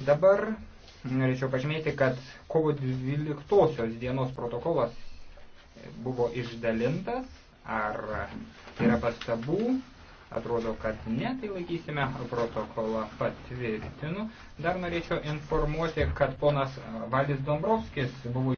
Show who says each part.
Speaker 1: Dabar norėčiau pažymėti, kad kovo 12 dienos protokolas buvo išdalintas. Ar yra pastabų? Atrodo, kad ne, tai laikysime protokolą patvirtinu. Dar norėčiau informuoti, kad ponas Valis Dombrovskis
Speaker 2: buvo